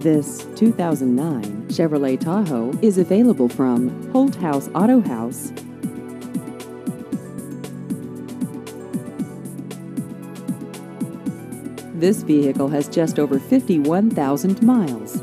This 2009 Chevrolet Tahoe is available from Holt House Auto House. This vehicle has just over 51,000 miles.